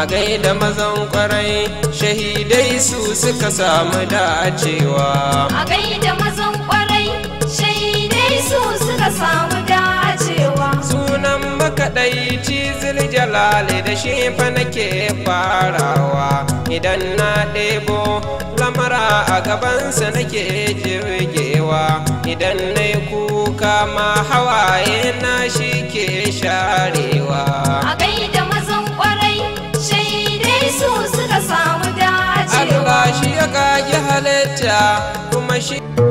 a gaida mazan kwarai shahidai su suka samu dacewa a gaida mazan kwarai shahidai su suka samu dacewa sunan makaɗai cizil jalali da shi fa nake farawa idan na ɗebo lamara a gabansa nake jirgewa idan na yi kuka ma hawaye na shi ke sharewa a da mazan kwarai shaidai su suka samu dacewa Allah shi ya kage halitta kuma shi